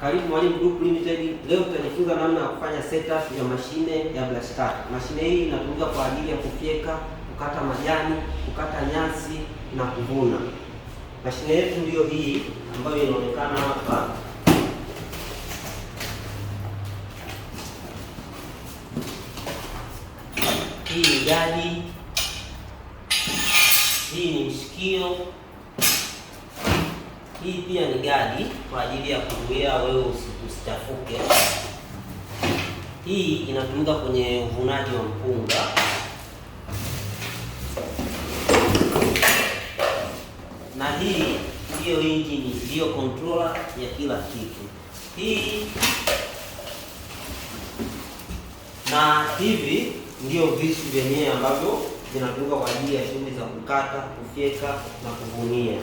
Karibu Mwalimu Group Limited. Leo tutajifunza namna ya kufanya setup ya mashine ya brush cutter. Mashine hii inatumika kwa ajili ya kufyeka, kukata majani, kukata nyasi na kuvuna. Mashine yetu ndiyo hii ambayo inaonekana hapa. Hii ni gari chafuke Hii inatumika kwenye uvunaji wa mpunga. Na hii ndiyo injini, ndiyo controller ya kila kitu. Hii na hivi ndiyo visu vyenyewe ambavyo vinatumika kwa ajili ya shughuli za kukata, kufyeka na kuvunia.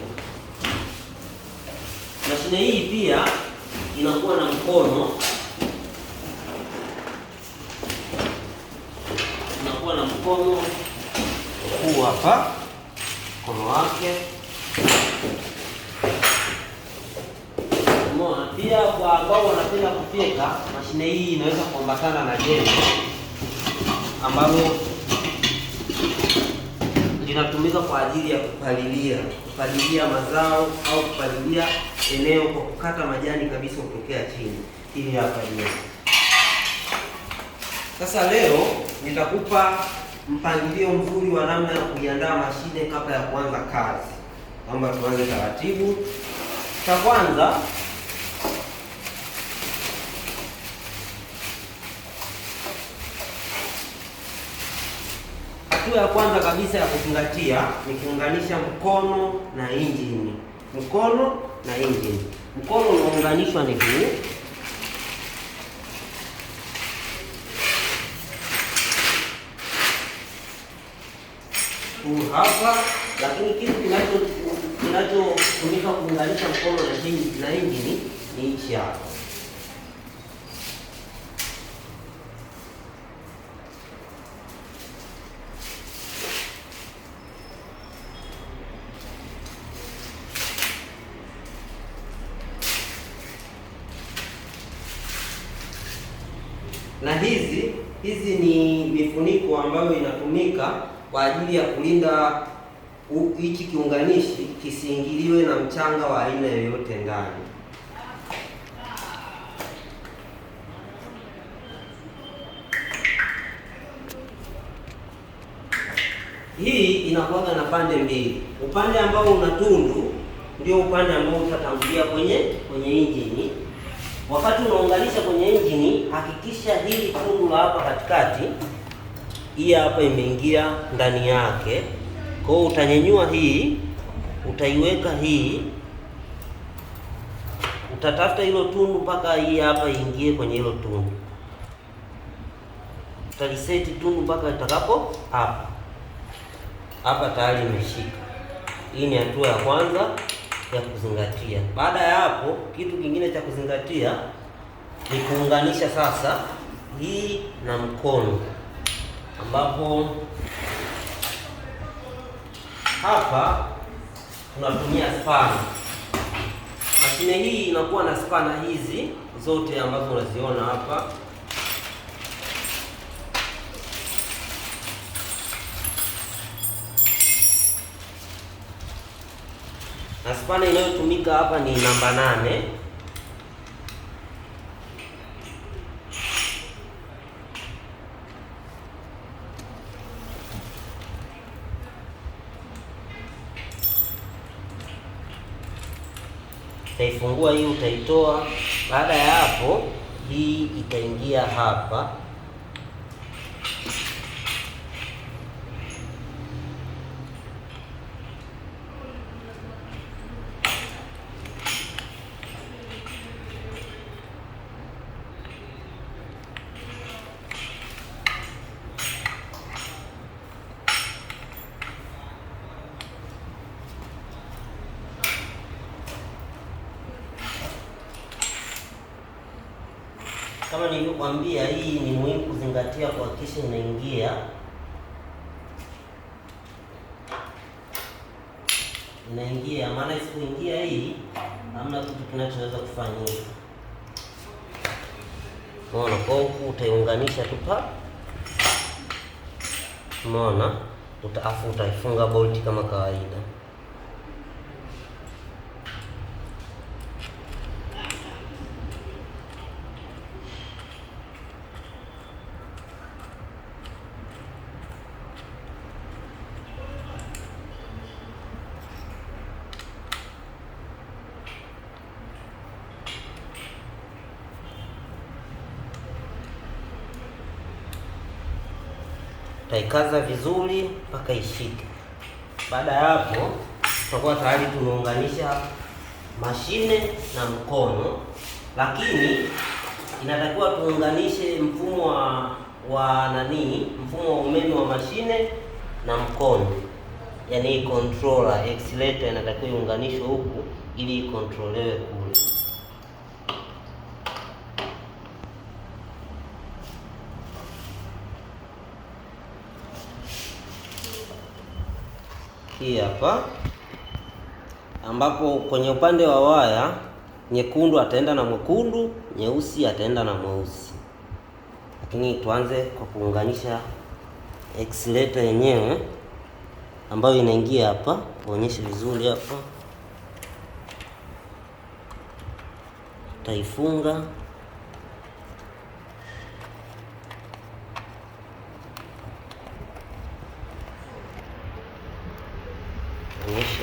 Mashine hii pia inakuwa na mkono inakuwa na mkono huu hapa, mkono wake mmoja. Pia kwa ambao wanapenda kufyeka, mashine hii inaweza kuambatana na jembe ambalo linatumika kwa ajili ya kupalilia, kupalilia mazao au kupalilia eneo kwa kukata majani kabisa kutokea chini. Hili hapa Sasa leo nitakupa mpangilio mzuri wa namna ya kuiandaa mashine kabla ya kuanza kazi, kwamba tuanze taratibu. Cha kwanza hatua ya kwanza kabisa ya kuzingatia ni kuunganisha mkono na injini. Mkono na injini, mkono unaunganishwa ni huu huu hapa, lakini kitu kinachotumika kuunganisha mkono na injini ni hichi hapa na hizi hizi ni mifuniko ambayo inatumika kwa ajili ya kulinda hichi kiunganishi kisiingiliwe na mchanga wa aina yoyote ndani. Hii inakuwa na pande mbili, upande ambao una tundu ndio upande ambao utatangulia kwenye kwenye injini Wakati unaunganisha kwenye injini, hakikisha hili tundu la hapa katikati, hii hapa imeingia ndani yake. Kwa hiyo utanyenyua hii, utaiweka hii, utatafuta hilo tundu mpaka hii hapa iingie kwenye hilo tundu, utaliseti tundu mpaka itakapo hapa hapa, tayari imeshika. Hii ni hatua ya kwanza ya kuzingatia. Baada ya hapo, kitu kingine cha kuzingatia ni kuunganisha sasa hii na mkono, ambapo hapa tunatumia spana. Mashine hii inakuwa na spana hizi zote ambazo unaziona hapa. na spana inayotumika hapa ni namba nane. Utaifungua hii, utaitoa. Baada ya hapo, hii itaingia hapa. kama nilivyokuambia, hii ni muhimu kuzingatia, kuhakikisha inaingia inaingia, maana isipoingia hii hamna kitu kinachoweza kufanyika. Umeona, kwa huku utaiunganisha tupa pa, utaafu utaifunga bolti kama kawaida. Utaikaza vizuri mpaka ishike. Baada ya hapo, tutakuwa tayari tumeunganisha mashine na mkono, lakini inatakiwa tuunganishe mfumo wa wa nani, mfumo wa umeme wa mashine na mkono, yaani controller accelerator inatakiwa iunganishwe huku ili ikontrolewe kule. hii hapa, ambapo kwenye upande wa waya nyekundu ataenda na mwekundu, nyeusi ataenda na mweusi. Lakini tuanze kwa kuunganisha accelerator yenyewe ambayo inaingia hapa, kuonyesha vizuri hapa, taifunga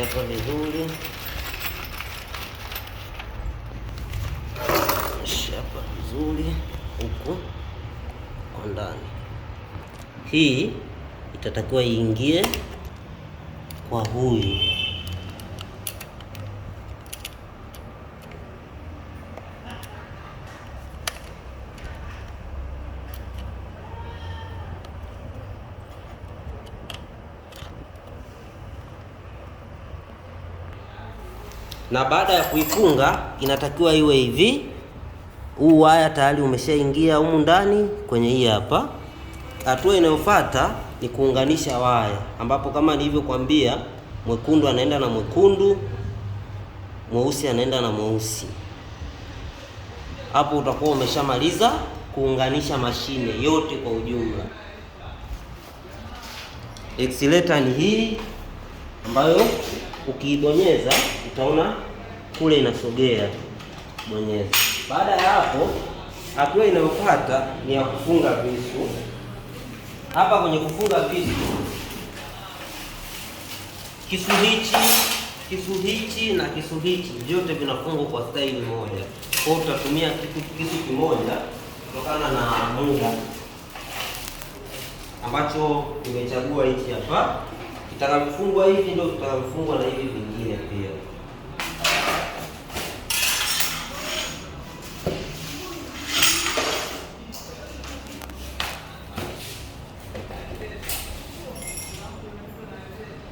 Imewekwa vizuri hapa vizuri huku kwa ndani. Hii itatakiwa iingie kwa huyu. na baada ya kuifunga inatakiwa iwe hivi. Huu waya tayari umeshaingia humu ndani kwenye hii hapa. Hatua inayofuata ni kuunganisha waya, ambapo kama nilivyokuambia, mwekundu anaenda na mwekundu, mweusi anaenda na mweusi. Hapo utakuwa umeshamaliza kuunganisha mashine yote kwa ujumla. Excelerator ni hii ambayo ukiibonyeza utaona kule inasogea. Bonyeza. Baada ya hapo, hatua inayofuata ni ya kufunga visu. Hapa kwenye kufunga visu, kisu hichi kisu hichi na kisu hichi vyote vinafungwa kwa staili moja. Kwa hiyo kitu kisu kimoja kutokana na muda ambacho nimechagua hichi hapa tutakavyofungwa hivi ndio tutakavyofungwa na hivi vingine pia.